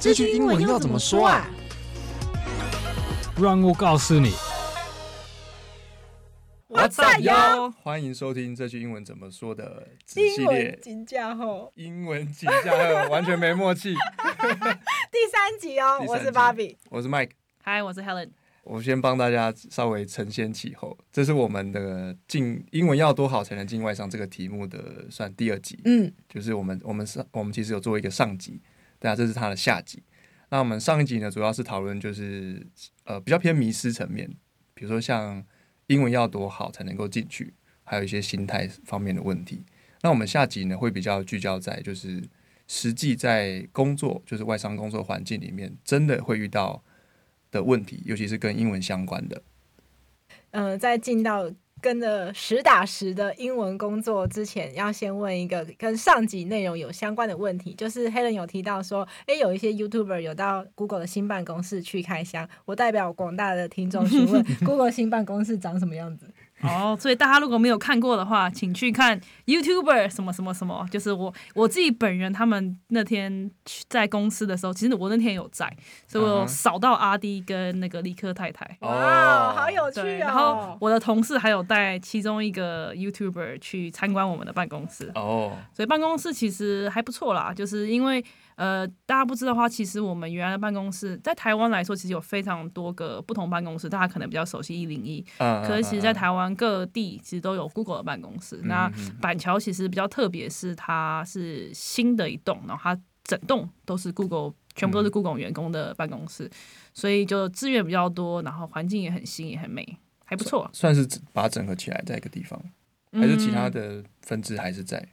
這句英文要怎麼說啊？說啊，讓我告訴你。我在喲，歡迎收聽這句英文怎麼說的系列。金架厚，英文金架厚，完全沒默契。 第三集哦， 集，我是芭比，我是 Mike，嗨，Hi, 我是 Helen。我先幫大家稍微承先啟後，這是我們的進英文要多好才能進外商這個題目的算第二集。嗯，就是我們我們上我們其實有做一個上集。對啊，這是它的下集。那我們上一集呢，主要是討論就是呃比較偏迷思層面，比如說像英文要多好才能夠進去，還有一些心態方面的問題。那我們下集呢，會比較聚焦在就是實際在工作，就是外商工作環境裡面真的會遇到的問題，尤其是跟英文相關的。嗯、呃，在進到。跟着實打實的英文工作之前，要先問一個跟上集內容有相關的問題，就是 Helen 有提到說，誒，有一些 YouTuber 有到 Google 的新辦公室去開箱。我代表廣大的聽眾去問，Google 新辦公室長什麼樣子？ 哦， oh, 所以大家如果沒有看過的話，請去看 YouTuber 什麼什麼什麼，就是我我自己本人，他們那天去在公司的時候，其實我那天有在，所以我掃到阿 D 跟那個立刻太太，哇、uh，好有趣，然後我的同事還有帶其中一個 YouTuber 去參觀我們的辦公室，哦，oh. 所以辦公室其實還不錯啦，就是因為。呃，大家不知道的話，其實我們原來的辦公室在台灣來說，其實有非常多個不同辦公室。大家可能比較熟悉一零一，可是其實，在台灣各地其實都有 Google 的辦公室。嗯、哼那板橋其實比較特別，是它是新的一棟，然後它整棟都是 Google，全部都是 Google 員工的辦公室，嗯、所以就資源比較多，然後環境也很新，也很美，還不錯、啊。算是把它整合起來在一個地方，還是其他的分支還是在？嗯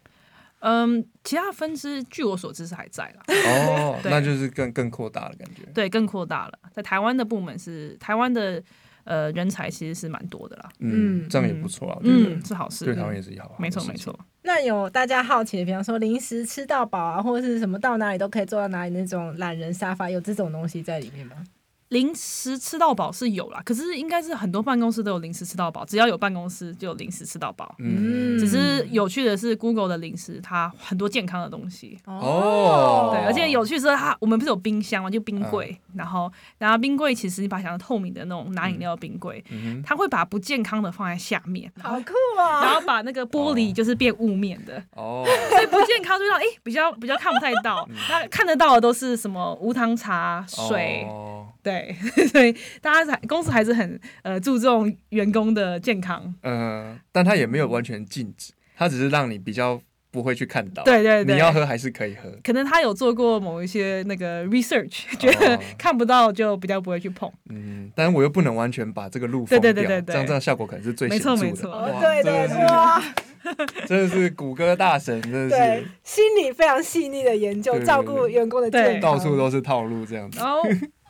嗯，其他分支據我所知是還在啦。哦，對，那就是更更擴大了感覺。對，更擴大了，在台灣的部門是台灣的呃人才其實是蠻多的啦。嗯，這樣也不錯啊。嗯，嗯，是好事。對，台灣也是一好，好、嗯。沒錯沒錯。那有大家好奇的，比方說零食吃到飽啊，或者是什麼到哪裡都可以坐到哪裡那種懶人沙發，有這種東西在裡面嗎？零食吃到飽是有啦，可是應該是很多辦公室都有零食吃到飽，只要有辦公室就有零食吃到飽。嗯、只是有趣的是，Google 的零食它很多健康的東西哦，oh. 對，而且有趣是它，它我們不是有冰箱嗎？就冰櫃、uh.，然後然後冰櫃其實你把想要透明的那種拿飲料冰櫃，嗯、它會把它不健康的放在下面，好酷啊、哦！然後把那個玻璃就是變霧面的、oh. 所以不健康就味道哎比較比較，比較看不太到，那、嗯、看得到的都是什麼無糖茶水。對，所以大家才公司還是很呃注重員工的健康。嗯，但他也沒有完全禁止，他只是讓你比較不會去看到。對對對，你要喝還是可以喝。可能他有做過某一些那個 research，覺得看不到就比較不會去碰。嗯，但是我又不能完全把這個路封掉，這樣這樣效果可能是最顯著的。沒錯沒錯，對，沒錯。真的是谷歌大神，真的是心理非常細膩的研究，照顧員工的健康。到處都是套路，這樣子。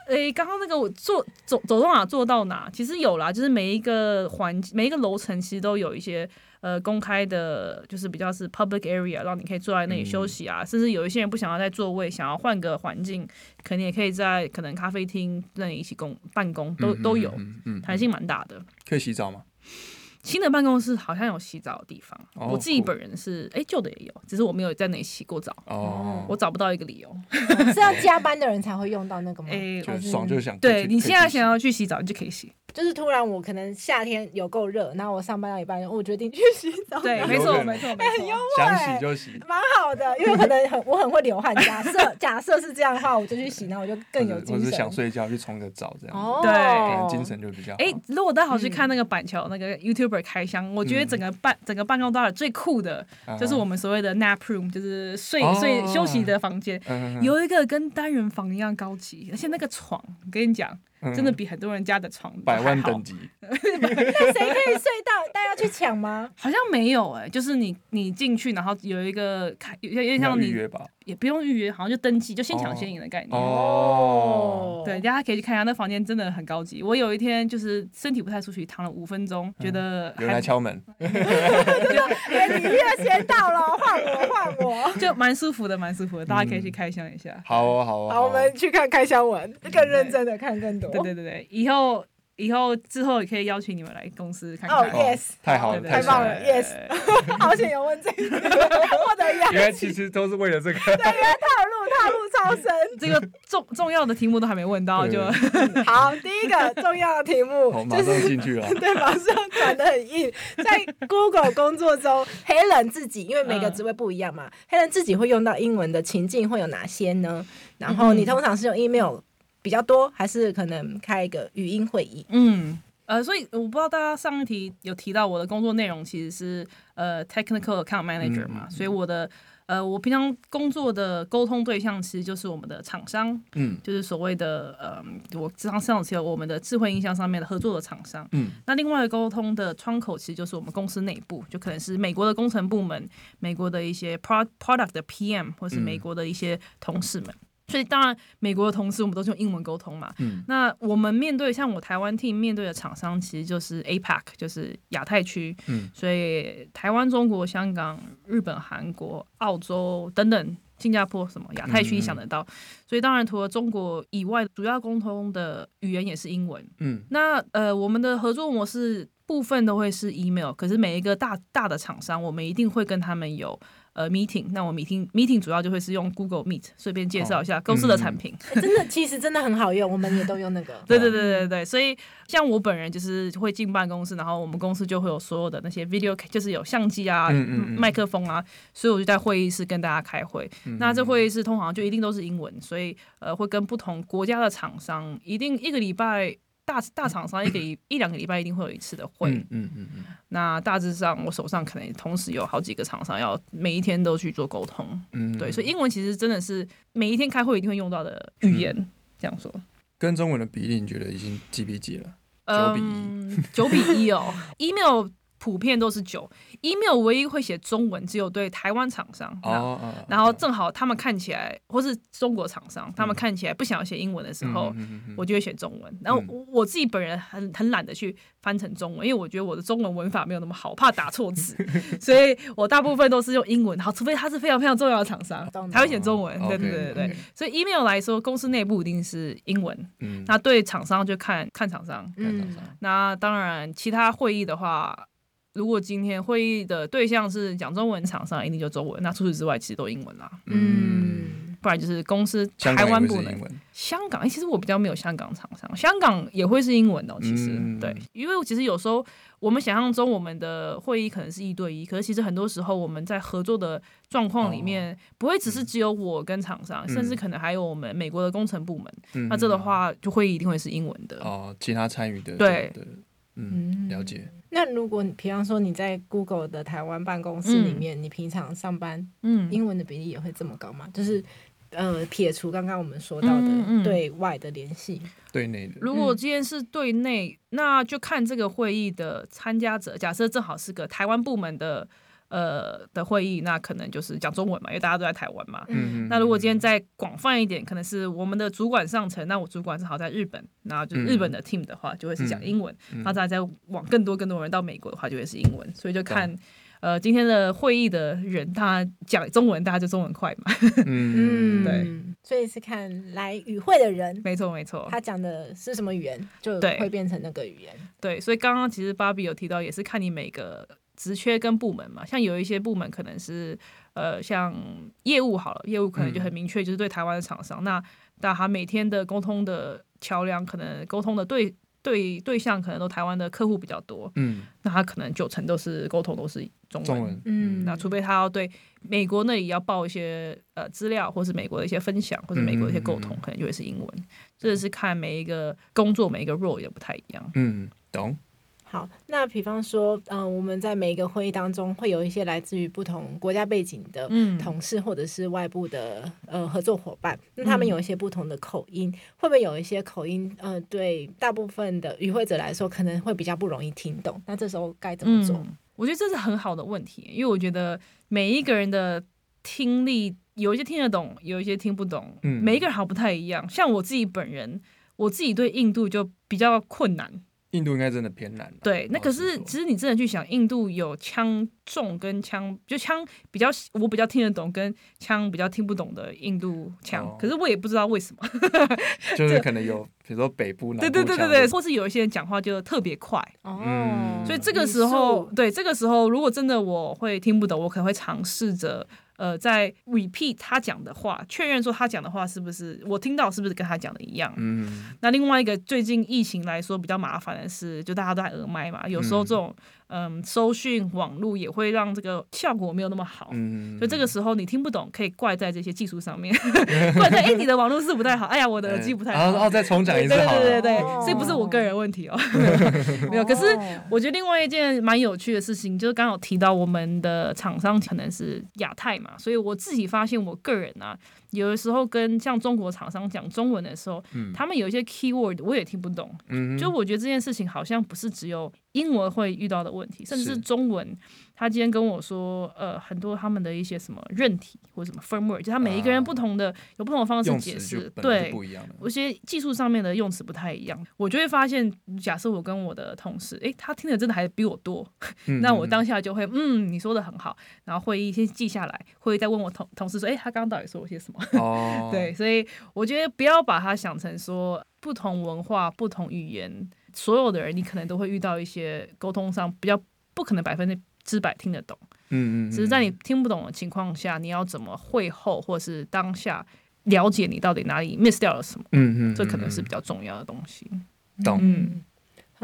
誒，剛剛那個我坐走走到哪坐到哪，其實有啦，就是每一個環每一個樓層其實都有一些呃公開的，就是比較是 public area，讓你可以坐在那裡休息啊，嗯、甚至有一些人不想要在座位，想要換個環境，可能也可以在可能咖啡廳那裡一起共辦公、嗯、都都有，嗯嗯嗯嗯、彈性蠻大的，可以洗澡嗎？新的辦公室好像有洗澡的地方，哦、我自己本人是，哎酷，舊、欸、的也有，只是我沒有在那裡洗過澡，哦，我找不到一個理由、啊，是要加班的人才會用到那個嗎？欸、還是就爽就想，對，你現在想要去洗澡，洗你就可以洗。就是突然，我可能夏天有夠熱，然後我上班到一半，我決定去洗澡。對，沒錯沒錯沒錯，很幽默，想洗就洗，蠻好的。因為可能我很會流汗，假設假設是這樣的話，我就去洗，然後我就更有精神。我只想睡覺，去沖個澡，這樣對，可能精神就比較好。哎，如果剛好去看那個板橋那個 YouTuber 開箱，我覺得整個辦整個辦公大的最酷的，就是我們所謂的 Nap Room，就是睡睡休息的房間，有一個跟單人房一樣高級，而且那個床，我跟你講。嗯、真的比很多人家的床好，百萬等級， 那誰可以睡到？大家去搶嗎？ 好像沒有哎、欸，就是你你進去，然後有一個開，有點像預約吧，也不用預約，好像就登記，就先搶先贏的概念。哦，對，大家可以去看一下那房間，真的很高級。我有一天就是身體不太舒服，躺了五分鐘，覺得還、嗯、有人來敲門， 就你約先到了，換我換我，就蠻舒服的，蠻舒服的。大家可以去開箱一下，嗯、好哦、啊、好哦、啊。好，啊、好，我們去看開箱文，更認真的看更多。對對對對，以後以後之後也可以邀請你們來公司看看。哦，Yes，太好了，太棒了，Yes。好險有問這個，或者也原來其實都是為了這個。對，因為套路套路超深，這個重重要的題目都還沒問到，就好第一個重要的題目，馬上進去了，對，馬上轉的很硬。在 Google 工作中，Helen 自己，因為每個職位不一樣嘛，Helen 自己會用到英文的情境會有哪些呢？然後你通常是用 email。比較多，還是可能開一個語音會議？嗯，呃，所以我不知道大家上一題有提到我的工作內容其實是呃，technical account manager 嘛。嗯，所以我的呃，我平常工作的溝通對象其實就是我們的廠商，嗯，就是所謂的呃，我上上次有我們的智慧音箱上面的合作的廠商，嗯。那另外溝通的窗口其實就是我們公司內部，就可能是美國的工程部門，美國的一些 product product 的 PM 或是美國的一些同事們。嗯所以當然，美國的同事我們都是用英文溝通嘛。嗯、那我們面對像我台灣 team 面對的廠商，其實就是 APAC，就是亞太區。嗯、所以台灣、中國、香港、日本、韓國、澳洲等等，新加坡什麼亞太區你想得到。嗯、所以當然，除了中國以外，主要溝通的語言也是英文。嗯、那呃，我們的合作模式部分都會是 email，可是每一個大大的廠商，我們一定會跟他們有。呃，meeting，那我 meeting meeting 主要就會是用 Google Meet，順便介紹一下公司的產品。哦嗯嗯欸。真的，其實真的很好用， 我們也都用那個。對對對對對，所以像我本人就是會進辦公室，然後我們公司就會有所有的那些 video，就是有相機啊、麥、嗯嗯嗯、克風啊，所以我就在會議室跟大家開會。嗯嗯，那這會議室通常就一定都是英文，所以呃，會跟不同國家的廠商一定一個禮拜大大廠商一個 一兩個禮拜一定會有一次的會，嗯嗯,嗯那大致上，我手上可能同時有好幾個廠商，要每一天都去做溝通，嗯、對。所以英文其實真的是每一天開會一定會用到的語言，嗯、這樣說。跟中文的比例，你覺得已經幾比幾了？九、嗯、比一，九比一哦。 Email。普遍都是九 email，唯一會寫中文只有對台灣廠商。然後正好他們看起來或是中國廠商，他們看起來不想要寫英文的時候，我就會寫中文。然後我自己本人很很懶得去翻成中文，因為我覺得我的中文文法沒有那麼好，怕打錯字，所以我大部分都是用英文。好，除非他是非常非常重要的廠商才會寫中文。對對對對對，所以 email 來說，公司內部一定是英文。嗯，那對廠商就看看廠商，看廠商。那當然，其他會議的話。如果今天會議的對象是講中文廠商，一定就中文。那除此之外，其實都英文啦。嗯，不然就是公司台灣不能。香港，哎、欸，其實我比較沒有香港廠商，香港也會是英文哦、喔。其實、嗯、對，因為其實有時候我們想象中我們的會議可能是一對一，可是其實很多時候我們在合作的狀況裡面，不會只是只有我跟廠商，哦、甚至可能還有我們美國的工程部門。嗯、那這的話，就會議一定會是英文的哦。其他參與的。對。對嗯，了解。嗯、那如果你，比方說你在 Google 的台灣辦公室裡面，嗯、你平常上班，英文的比例也會這麼高嗎？嗯、就是，呃，撇除剛剛我們說到的對外的聯繫、嗯嗯嗯，對內。如果今天是對內，那就看這個會議的參加者，假設正好是個台灣部門的。呃的會議，那可能就是講中文嘛，因為大家都在台灣嘛。嗯、那如果今天再廣泛一點，可能是我們的主管上層，那我主管正好在日本，然後就是日本的 team 的話，就會是講英文。嗯嗯、然後再再往更多更多人到美國的話，就會是英文。所以就看對呃今天的會議的人，他講中文，大家就中文快嘛。 嗯，對，所以是看來與會的人，沒錯沒錯，沒錯他講的是什麼語言，就會變成那個語言。對，對，所以剛剛其實芭比有提到，也是看你每個。職缺跟部門嘛，像有一些部門可能是，呃，像業務好了，業務可能就很明確，嗯、就是對台灣的廠商。那那他每天的溝通的橋樑，可能溝通的對對對，對象，可能都台灣的客戶比較多。嗯，那他可能九成都是溝通都是中文。中文嗯，嗯，那除非他要對美國那裡要報一些呃資料，或是美國的一些分享，或是美國的一些溝通，嗯、可能就會是英文。這、嗯、是看每一個工作，嗯、每一個 role 也不太一樣。嗯，懂。好，那比方說，嗯、呃，我們在每一個會議當中會有一些來自於不同國家背景的同事，或者是外部的、嗯、呃合作夥伴，那他們有一些不同的口音，嗯、會不會有一些口音，呃，對大部分的與會者來說可能會比較不容易聽懂？那這時候該怎麼做？我覺得這是很好的問題，因為我覺得每一個人的聽力有一些聽得懂，有一些聽不懂，嗯、每一個人好像不太一樣。像我自己本人，我自己對印度就比較困難。印度應該真的偏難、啊。對，那可是其實你真的去想，印度有腔重跟腔，就腔比較，我比較聽得懂，跟腔比較聽不懂的印度腔。Oh. 可是我也不知道為什麼， 就是可能有， 比如說北部南部腔。對對對對對對，或是有一些人講話就特別快。哦。Oh. 所以這個時候，oh. 對這個時候，如果真的我會聽不懂，我可能會嘗試着。呃，在 repeat 他講的話，確認說他講的話是不是我聽到是不是跟他講的一樣。嗯，那另外一個最近疫情來說比較麻煩的是，就大家都在耳麥嘛，有時候這種。嗯，收訊網絡也會讓這個效果沒有那麼好，嗯、所以這個時候你聽不懂，可以怪在這些技術上面，怪在欸，你的網絡是不太好。哎呀，我的耳機不太好對哦，哦，再重講一次，對，對對對對，所以不是我個人問題、喔、哦 沒，沒有。可是我覺得另外一件蠻有趣的事情，就是剛好提到我們的廠商可能是亞太嘛，所以我自己發現，我個人呢、啊。有的時候跟像中國廠商講中文的時候，嗯、他們有一些 keyword 我也聽不懂。嗯、哼就我覺得這件事情好像不是只有英文會遇到的問題，是甚至是中文。他今天跟我說，呃，很多他們的一些什麼韌體或者什麼 firmware，就他每一個人不同的、啊、有不同的方式解釋，對，不一樣的。有些技術上面的用詞不太一樣，我就會發現，假設我跟我的同事，誒、欸，他聽得真的還比我多，嗯嗯 那我當下就會，嗯，你說的很好，然後會議先記下來，會議再問我同同事說，誒、欸，他剛剛到底說我些什麼？Oh. 對，所以我覺得不要把它想成說不同文化、不同語言，所有的人你可能都會遇到一些溝通上比較不可能百分之之百聽得懂。嗯，嗯嗯，只是在你聽不懂的情況下，你要怎麼會後或是當下了解你到底哪裡 miss 掉了什麼？嗯，嗯，嗯，嗯。這可能是比較重要的東西。懂。嗯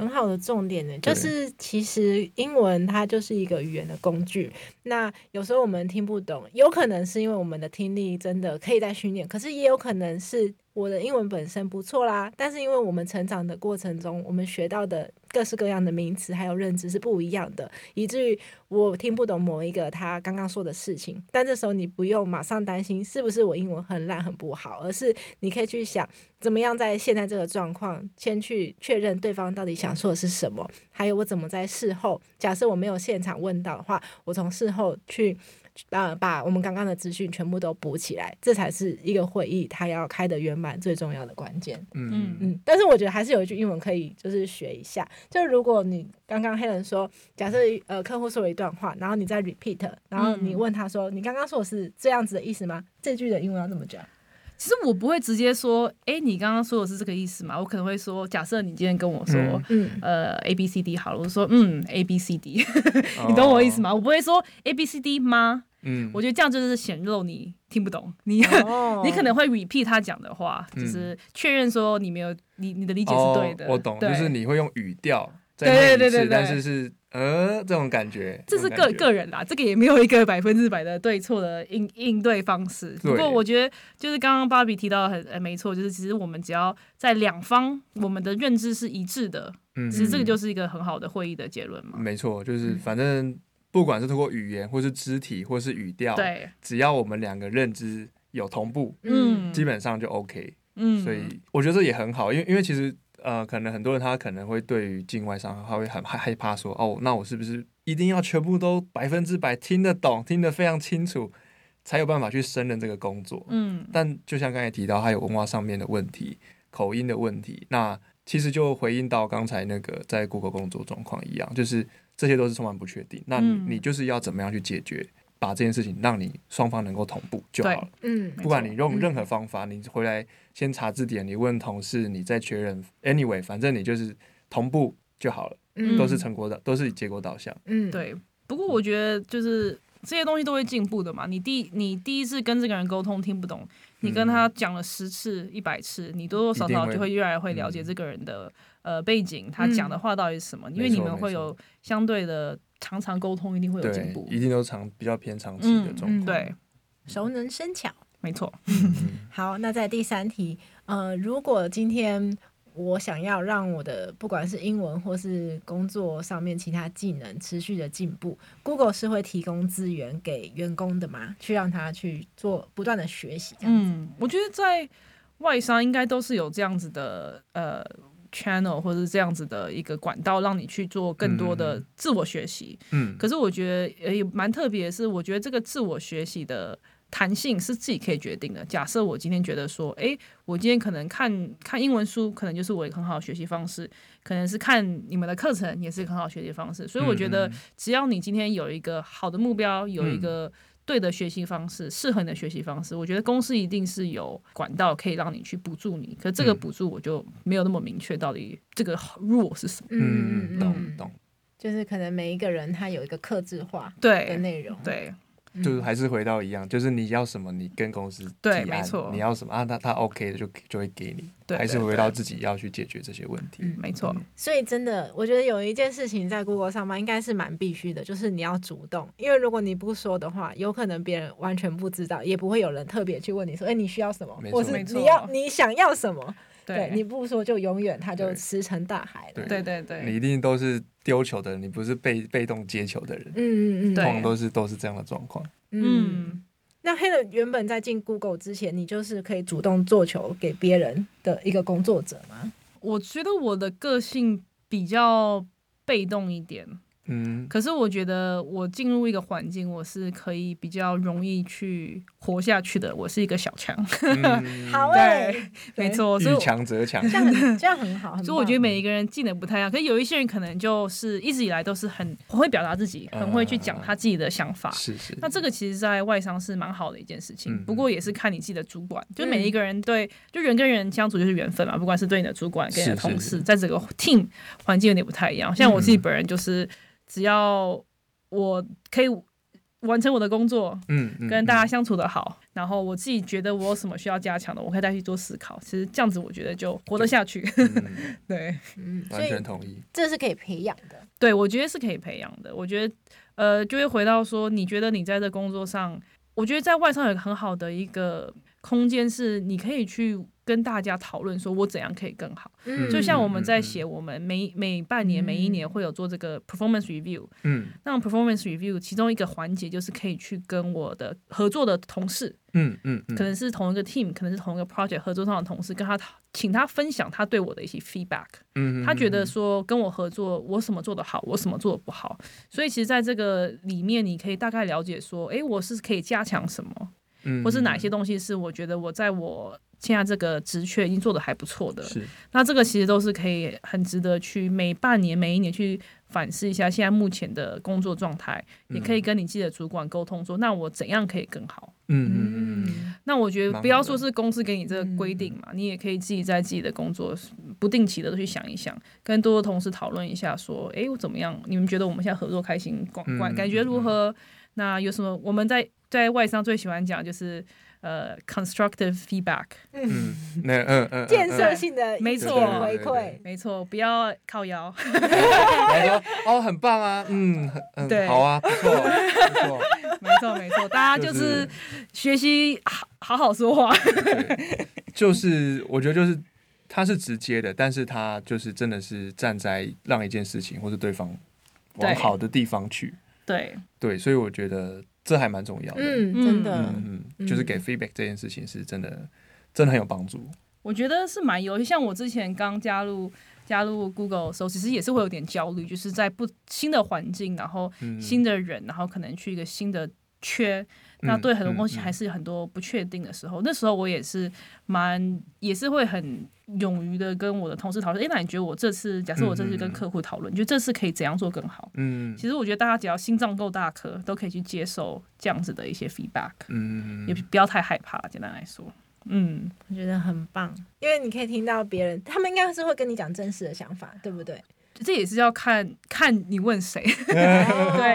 很好的重點呢，就是其實英文它就是一個語言的工具。那有時候我們聽不懂，有可能是因為我們的聽力真的可以再訓練，可是也有可能是。我的英文本身不錯啦，但是因為我們成長的過程中，我們學到的各式各樣的名詞還有認知是不一樣的，以至於我聽不懂某一個他剛剛說的事情。但這時候你不用馬上擔心是不是我英文很爛很不好，而是你可以去想怎麼樣在現在這個狀況，先去確認對方到底想說的是什麼，還有我怎麼在事後，假設我沒有現場問到的話，我從事後去。啊，把我們剛剛的資訊全部都補起來。這才是一個會議他要開得圓滿最重要的關鍵。嗯嗯嗯。但是我覺得還是有一句英文可以就是學一下，就如果你剛剛 Helen 說，假設呃客戶說了一段話，然後你再 repeat，然後你問他說，嗯、你剛剛說的是這樣子的意思嗎？這句的英文要怎麼講？其實我不會直接說，哎、欸，你剛剛說的是這個意思嘛？我可能會說，假設你今天跟我說，嗯、呃，A B C D 好了，我說，嗯，A B C D， 你懂我意思嗎？哦、我不會說 A B C D 嗎？嗯，我覺得這樣就是顯露你聽不懂，你、哦、你可能會 repeat 他講的話，就是確認說你沒有你你的理解是對的。哦、我懂，對就是你會用語調對對，對對對對。但是是。呃，這種感覺，這是個個人啦，這個也沒有一個百分之百的對錯的應應對方式。耶不過我覺得，就是剛剛芭比提到的很，欸、沒錯，就是其實我們只要在兩方，我們的認知是一致的。嗯，嗯，嗯，其實這個就是一個很好的會議的結論嘛。嗯嗯，沒錯，就是反正不管是通過語言，或是肢體，或是語調，對只要我們兩個認知有同步，嗯，基本上就 OK。嗯，嗯，嗯，所以我覺得這也很好，因為因為其實。呃，可能很多人他可能會對於進外商他會很害怕說，哦，那我是不是一定要全部都百分之百聽得懂，聽得非常清楚，才有辦法去勝任這個工作？嗯，但就像剛才提到，還有文化上面的問題、口音的問題，那其實就回應到剛才那個在 Google 工作狀況一樣，就是這些都是充滿不確定。那你就是要怎麼樣去解決？嗯把這件事情讓你雙方能夠同步就好了。嗯，不管你用任何方法，嗯、你回來先查字典，你問同事，你再確認。Anyway，反正你就是同步就好了。嗯，都是成果導，都是結果導向。嗯，對。不過我覺得就是這些東西都會進步的嘛。你第你第一次跟這個人溝通聽不懂，你跟他講了十次嗯、一百次，你多多少少就會越來越會了解這個人的呃背景，嗯、他講的話到底是什麼，嗯、因為你們會有相對的。常常溝通一定會有進步，一定都長比較偏長期的狀況，嗯嗯。對，熟能生巧，沒錯錯。 好，那在第三題，呃，如果今天我想要讓我的不管是英文或是工作上面其他技能持續的進步，Google 是會提供資源給員工的嗎？去讓他去做不斷的學習。嗯，我覺得在外商應該都是有這樣子的，呃。channel 或者是這樣子的一個管道，讓你去做更多的自我學習、嗯。嗯，可是我覺得也蠻特別的是，我覺得這個自我學習的彈性是自己可以決定的。假設我今天覺得說，哎、欸，我今天可能看看英文書，可能就是我的很好的學習方式，可能是看你們的課程也是一個很好的學習方式。所以我覺得，只要你今天有一個好的目標，有一個。對的學習方式，適合你的學習方式，我覺得公司一定是有管道可以讓你去補助你，可這個補助我就沒有那麼明確，到底這個弱是什麼？嗯，懂、嗯嗯？就是可能每一個人他有一個客製化的內容，對。對就還是回到一樣，嗯、就是你要什麼，你跟公司提案，對，沒錯，你要什麼啊？他他 OK 的就就會給你，對對對，還是回到自己要去解決這些問題。對對對嗯、沒錯，嗯、所以真的，我覺得有一件事情在 Google 上班應該是蠻必須的，就是你要主動，因為如果你不說的話，有可能別人完全不知道，也不會有人特別去問你說，哎、欸，你需要什麼，或是沒錯，你要你想要什麼。對，你不說就永遠，它就石沉大海了。對對對，你一定都是丟球的人，你不是被被動接球的人。嗯嗯嗯，嗯對，都是都是這樣的狀況。嗯，嗯，那 Helen 原本在進 Google 之前，你就是可以主動做球給別人的一個工作者嗎？我覺得我的個性比較被動一點。嗯，可是我覺得我進入一個環境，我是可以比較容易去活下去的。我是一個小強。好欸，沒錯，所以強則強，這樣很這樣很好。所以我覺得每一個人技能不太一樣，可是有一些人可能就是一直以來都是很很會表達自己，很會去講他自己的想法。是是，那這個其實在外商是蠻好的一件事情，不過也是看你自己的主管。就每一個人對，就人跟人相處就是緣分嘛，不管是對你的主管，跟你的同事，在整個 team 環境有點不太一樣。像我自己本人就是。只要我可以完成我的工作，嗯，跟大家相處的好，嗯嗯、然後我自己覺得我有什麼需要加強的，我可以再去做思考。其實這樣子，我覺得就活得下去。就 對、嗯，完全同意，這是可以培養的。對，我覺得是可以培養的。我覺得，呃，就會回到說，你覺得你在這工作上，我覺得在外商有個很好的一個空間是，你可以去。跟大家討論說，我怎樣可以更好？嗯，就像我們在寫我們每每半年、嗯、每一年會有做這個 performance review，嗯，那 performance review 其中一個環節就是可以去跟我的合作的同事，嗯嗯，嗯嗯可能是同一個 team，可能是同一個 project 合作上的同事，跟他請他分享他對我的一些 feedback，嗯，嗯他覺得說跟我合作，我什麼做得好，我什麼做得不好，所以其實在這個裡面，你可以大概了解說，哎、欸，我是可以加強什麼，嗯、或是哪些東西是我覺得我在我現在這個職缺已經做得還不錯的，是那這個其實都是可以很值得去每半年、每一年去反思一下，現在目前的工作狀態，嗯、也可以跟你自己的主管溝通說，那我怎樣可以更好？嗯，嗯嗯嗯。那我覺得不要說是公司給你這個規定嘛，你也可以自己在自己的工作不定期的都去想一想，跟多多同事討論一下說，說哎我怎麼樣？你們覺得我們現在合作開心、廣貫，感覺如何？嗯嗯那有什麼？我們在在外商最喜歡講就是。呃，constructive feedback，嗯，那嗯嗯，建設性的，沒錯，回饋，沒錯，不要靠腰。哦，很棒啊，嗯，對，好啊，不錯，不錯，沒錯，沒錯，大家就是學習好好好說話，就是我覺得就是他是直接的，但是他就是真的是站在讓一件事情或是對方往好的地方去，對，對，所以我覺得。這還蠻重要的，嗯，真的，嗯，就是給 feedback 這件事情是真的，嗯，真的很有幫助。我覺得是蠻有，像我之前剛加入加入 Google 的時候，其實也是會有點焦慮，就是在不新的環境，然後新的人，嗯，然後可能去一個新的。缺，那對很多東西還是很多不確定的時候。嗯嗯嗯嗯、那時候我也是蠻，也是會很勇於的跟我的同事討論。哎、欸，那你覺得我這次，假設我這次跟客戶討論，嗯嗯、你覺得這次可以怎樣做更好？嗯，其實我覺得大家只要心臟夠大顆，都可以去接受這樣子的一些 feedback，嗯。嗯，也不要太害怕。簡單來說，嗯，我覺得很棒，因為你可以聽到別人，他們應該是會跟你講真實的想法，對不對？這也是要看看你問誰， 對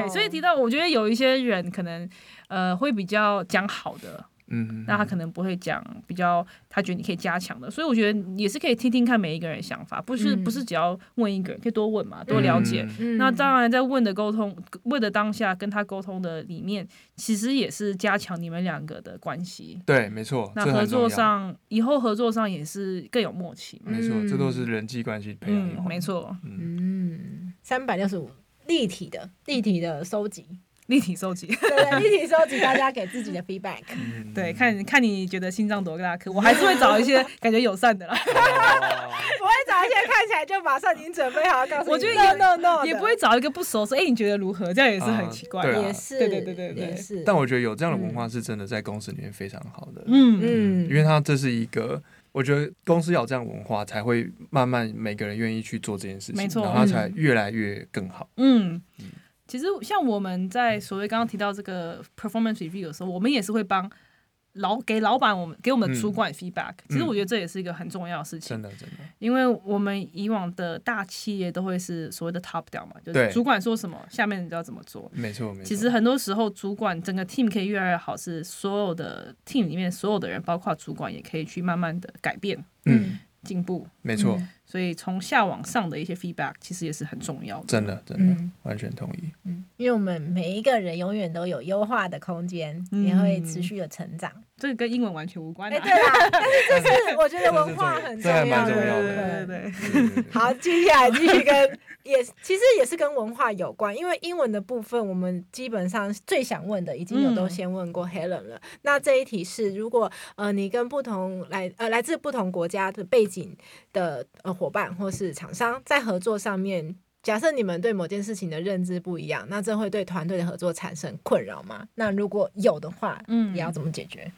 ，oh. 所以提到，我覺得有一些人可能，呃，會比較講好的。嗯，嗯，那他可能不會講比較，他覺得你可以加強的，所以我覺得也是可以聽聽看每一個人的想法，不是不是只要問一個人，可以多問嘛，多了解。嗯嗯，那當然在問的溝通，問的當下跟他溝通的裡面，其實也是加強你們兩個的關係。對，沒錯。那合作上，以後合作上也是更有默契。沒錯，這都是人際關係培養。沒錯，嗯，三百六十五立體的立體的收集。立體收集，對對，立體收集大家給自己的 feedback，對，看看你覺得心臟多大顆，我還是會找一些感覺友善的啦，不會找一些看起來就馬上已經準備好告訴我 no no no，也不會找一個不熟說哎你覺得如何，這樣也是很奇怪的。對對對對，但我覺得有這樣的文化是真的在公司裡面非常好的，嗯嗯，因為它這是一個，我覺得公司要有這樣文化才會慢慢每個人願意去做這件事情，然後才越來越更好，嗯。其實像我們在所謂剛剛提到這個 performance review 的時候，我們也是會幫老給老板我們給我們主管 feedback，嗯。其實我覺得這也是一個很重要的事情。真的，嗯，真的。真的因為我們以往的大企業都會是所謂的 top down 嘛，就是，主管說什麼，對下面你知道怎麼做。沒錯沒錯。沒錯其實很多時候，主管整個 team 可以越來越好，是所有的 team 裡面所有的人，包括主管也可以去慢慢的改變。嗯。嗯進步沒錯錯、嗯，所以從下往上的一些 feedback 其實也是很重要的，真的。真的真的、嗯、完全同意，因為我們每一個人永遠都有優化的空間，嗯、也會持續的成長。嗯、這個跟英文完全無關、啊，的、欸、對啊，但是這但是我覺得文化很重要，欸就是、重要重要的。對，對，對，對，對，對對對對對，好，接下來繼續跟。 也其實也是跟文化有關，因為英文的部分，我們基本上最想問的已經有都先問過 Helen 了。嗯、那這一題是，如果呃你跟不同來呃來自不同國家的背景的呃夥伴或是廠商在合作上面，假設你們對某件事情的認知不一樣，那這會對團隊的合作產生困擾嗎？那如果有的話，嗯，你要怎麼解決、嗯？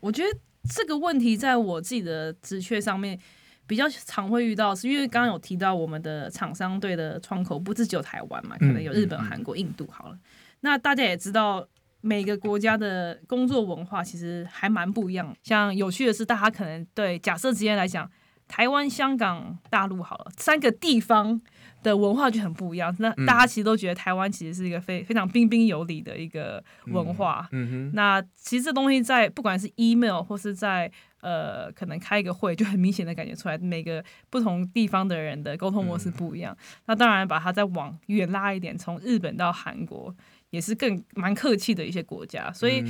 我覺得這個問題在我自己的職缺，上面。比較常會遇到是，是因為剛剛有提到我們的廠商隊的窗口不只是只有台灣嘛，可能有日本、韓國、印度。好了，嗯嗯，那大家也知道每個國家的工作文化其實還蠻不一樣的。像有趣的是，大家可能對假設直接來講，台灣、香港、大陸好了，三個地方的文化就很不一樣。那大家其實都覺得台灣其實是一個非非常彬彬有禮的一個文化。嗯嗯哼，那其實這東西在不管是 email 或是在呃，可能開一個會就很明顯的感覺出來，每個不同地方的人的溝通模式不一樣。嗯、那當然，把他再往遠拉一點，從日本到韓國，也是更蠻客氣的一些國家。所以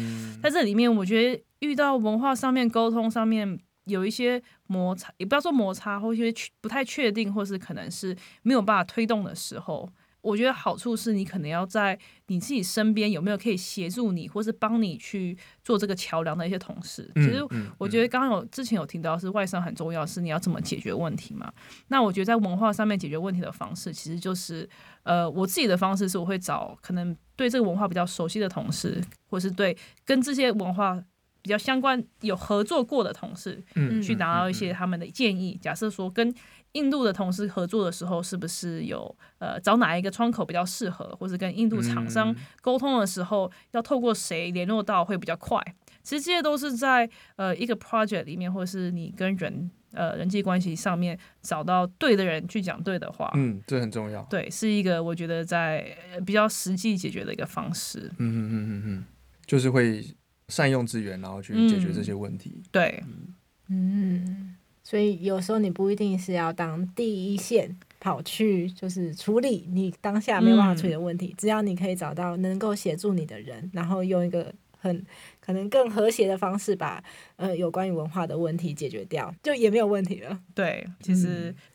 在這裡面，我覺得遇到文化上面、溝通上面有一些摩擦，也不要說摩擦，或一些不太確定，或是可能是沒有辦法推動的時候。我覺得好處是你可能要在你自己身邊有沒有可以協助你或是幫你去做這個橋樑的一些同事。其實、嗯嗯嗯、我覺得剛剛有之前有聽到是外商很重要，是你要怎麼解決問題嘛？那我覺得在文化上面解決問題的方式，其實就是呃，我自己的方式是我會找可能對這個文化比較熟悉的同事，或是對跟這些文化比較相關有合作過的同事，嗯，去拿到一些他們的建議。嗯嗯嗯嗯、假設說跟印度的同事合作的時候，是不是有呃找哪一個窗口比較適合，或者跟印度廠商溝通的時候，嗯、要透過誰聯絡到會比較快？其實這些都是在呃一個 project 裡面，或是你跟人呃人際關係上面找到對的人去講對的話。嗯，這很重要。對，是一個我覺得在比較實際解決的一個方式。嗯嗯嗯嗯嗯，就是會善用資源，然後去解決這些問題。嗯、對，嗯。嗯所以有時候你不一定是要當第一線跑去，就是處理你當下沒有辦法處理的問題。嗯、只要你可以找到能夠協助你的人，然後用一個很可能更和諧的方式把，把呃有關於文化的問題解決掉，就也沒有問題了。對，其實至、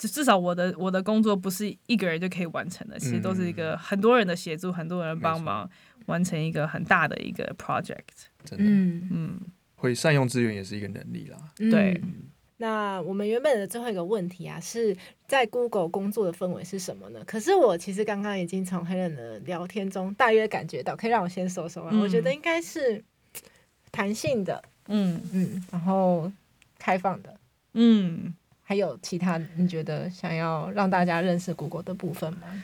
嗯、至少我的我的工作不是一個人就可以完成的，其實都是一個很多人的協助，很多人幫忙完成一個很大的一個 project。真的，嗯，會善用資源也是一個能力啦。嗯、對。那我們原本的最後一個問題啊，是在 Google 工作的氛圍是什麼呢？可是我其實剛剛已經從 Helen 的聊天中大約感覺到，可以讓我先說說啊。嗯、我覺得應該是彈性的，嗯嗯，然後開放的，嗯。還有其他你覺得想要讓大家認識 Google 的部分嗎？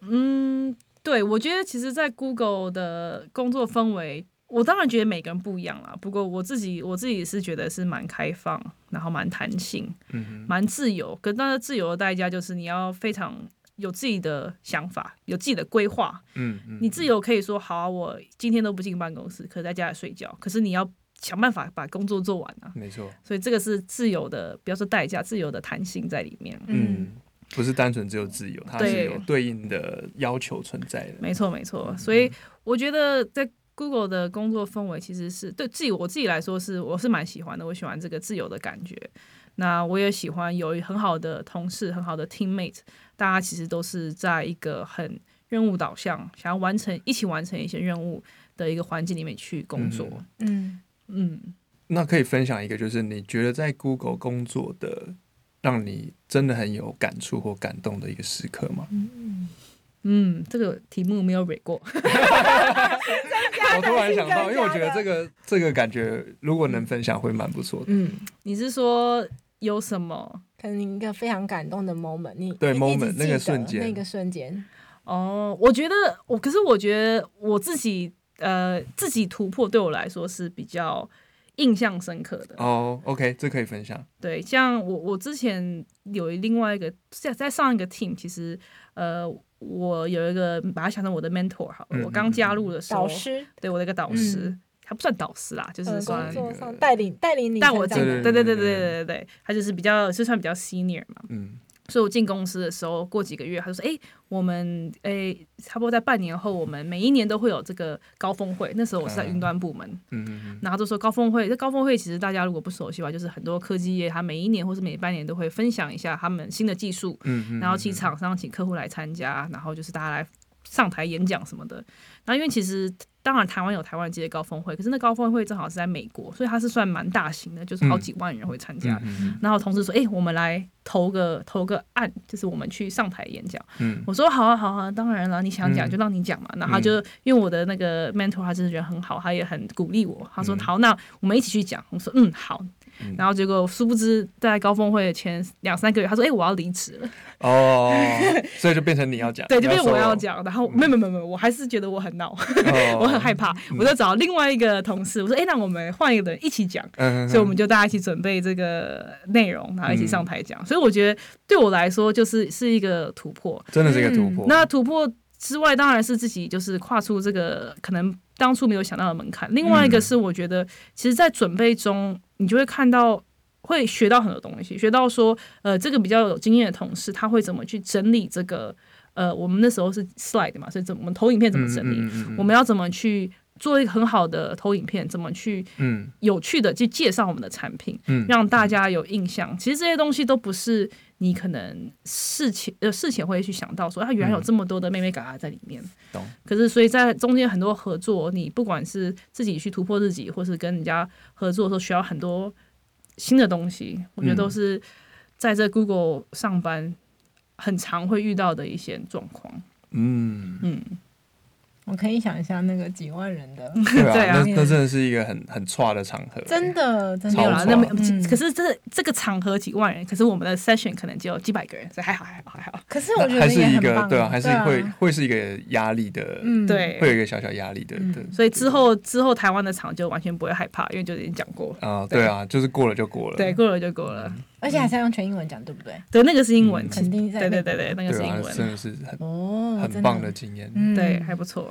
嗯，對，我覺得其實，在 Google 的工作氛圍。我當然覺得每個人不一樣啊，不過我自己我自己是覺得是蠻開放，然後蠻彈性，嗯、哼蠻自由。可但是當然自由的代價就是你要非常有自己的想法，有自己的規劃，嗯,嗯嗯。你自由可以說好、啊，我今天都不進辦公室，可以在家裡睡覺。可是你要想辦法把工作做完啊，沒錯。所以這個是自由的，不要說代價，自由的彈性在裡面。嗯,嗯，不是單純只有自由，它是有對應的要求存在的。對嗯、沒錯沒錯，所以我覺得在。Google 的工作氛圍其實是對自己我自己來說是，是我是蠻喜歡的。我喜歡這個自由的感覺。那我也喜歡有很好的同事，很好的 teammate，大家其實都是在一個很任務導向，想要完成、一起完成一些任務的一個環境裡面去工作。嗯嗯。嗯，那可以分享一個，就是你覺得在 Google 工作的，讓你真的很有感觸或感動的一個時刻嗎？嗯。嗯，這個題目沒有 read 過。 都我突然想到，因為我覺得這個這個感覺，如果能分享，會蠻不錯的。嗯，你是說有什麼？可能一個非常感動的 moment。你對 moment 那個瞬間，那個瞬間。哦，oh, 我覺得我，可是我覺得我自己，呃，自己突破對我來說是比較印象深刻的。哦、oh，OK，這可以分享。對，像我，我之前有另外一個在在上一個 team，其實。呃，我有一個，把它想成我的 mentor 好了，嗯嗯嗯，我剛加入的時候，導師，對我的一個導師，嗯、他不算導師啦，嗯、就是算、工作上、呃、帶領帶領你帶我進，對對對對對對對，他就是比較就算比較 senior 嘛。嗯所以，我進公司的時候，過幾個月，他就說：“哎、欸，我們哎、欸，差不多在半年後，我們每一年都會有這個高峰會。那時候我是在雲端部門，嗯，嗯，嗯，然後就說高峰會。這高峰會其實大家如果不熟悉的話，就是很多科技業，他每一年或是每半年都會分享一下他們新的技術，嗯，嗯，然後請廠商、請客戶來參加，嗯，嗯，然後就是大家來上台演講什麼的。那因為其實。”當然，台灣有台灣記的高峰會，可是那高峰會正好是在美國，所以他是算蠻大型的，就是好幾萬人會參加。嗯、然後同事說：“哎、欸，我們來投個投個案，就是我們去上台演講。嗯”我說：“好啊，好啊，當然了，你想講就讓你講嘛。”然後他就、嗯、因為我的那個 mentor 他真的覺得很好，他也很鼓勵我。他說：“好，那我們一起去講。”我說：“嗯，好。”然後結果，殊不知在高峰會前兩三個月，他說：“哎，我要離職了。”哦，所以就變成你要講， 對，就變我要講。要然後，沒、嗯、沒沒沒，我還是覺得我很鬧，哦、 我很害怕。我就找另外一個同事，嗯、我說、欸：“哎，那我們換一個人一起講。嗯哼哼”嗯，所以我們就大家一起準備這個內容，然後一起上台講。嗯、所以我覺得對我來說，就是是一個突破，真的是一個突破。嗯、那突破之外，當然是自己就是跨出這個可能。當初沒有想到的門檻。另外一個是，我覺得其實，在準備中，你就會看到，會學到很多東西，學到說，呃，這個比較有經驗的同事他會怎麼去整理這個，呃，我們那時候是 slide 嘛，所以怎麼投影片怎麼整理，嗯嗯嗯、我們要怎麼去做一個很好的投影片，怎麼去，嗯，有趣的去介紹我們的產品，嗯、讓大家有印象。嗯嗯、其實這些東西都不是，你可能事前呃事前會去想到，說他原來有這麼多的妹妹嘎在裡面，嗯，懂。可是所以在中間很多合作，你不管是自己去突破自己，或是跟人家合作的時候，需要很多新的東西。我覺得都是在這 Google 上班很常會遇到的一些狀況。嗯嗯。嗯我可以想一下那個幾萬人的，對啊，那那真的是一個很很差的場合，真的，真的，沒有，可是這這個場合幾萬人，可是我們的 session 可能只有幾百個人，所以還好，還好，還好。可是我覺得還是一個，對啊，還是會會是一個壓力的，嗯，對，會有一個小小壓力的，對。所以之後之後台灣的場就完全不會害怕，因為就已經講過了啊，對啊，就是過了就過了，對，過了就過了。而且還是要用全英文講，對不對？對，那個是英文，肯定在對對對對。對啊，真的是很哦，很棒的經驗，對，還不錯。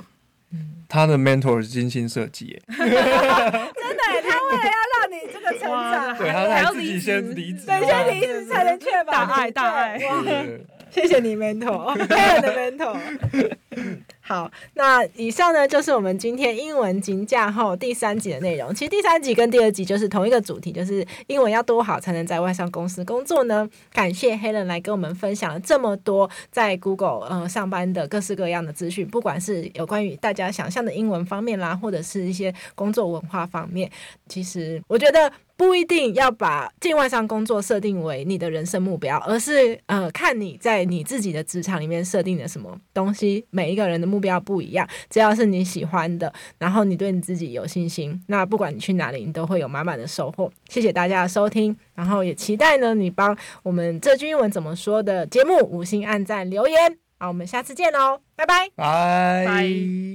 他的 mentor 是精心設計，真的，他為了要讓你這個成長，還要自己先離職，對先離職才能確保。大愛大愛，謝謝你 mentor。好，那以上呢，就是我們今天英文金架厚第三集的內容。其實第三集跟第二集就是同一個主題，就是英文要多好才能在外商公司工作呢？感謝 Helen 來跟我們分享了這麼多在 Google 呃上班的各式各樣的資訊，不管是有關於大家想象的英文方面啦，或者是一些工作文化方面，其實我覺得。不一定要把進外商工作設定為你的人生目標，而是呃看你在你自己的職場裡面設定的什麼東西。每一個人的目標不一樣，只要是你喜歡的，然後你對你自己有信心，那不管你去哪裡，你都會有滿滿的收穫。謝謝大家的收聽，然後也期待呢你幫我們這句英文怎麼說的節目五星按讚留言。好，我們下次見嘍，拜，拜拜。Bye.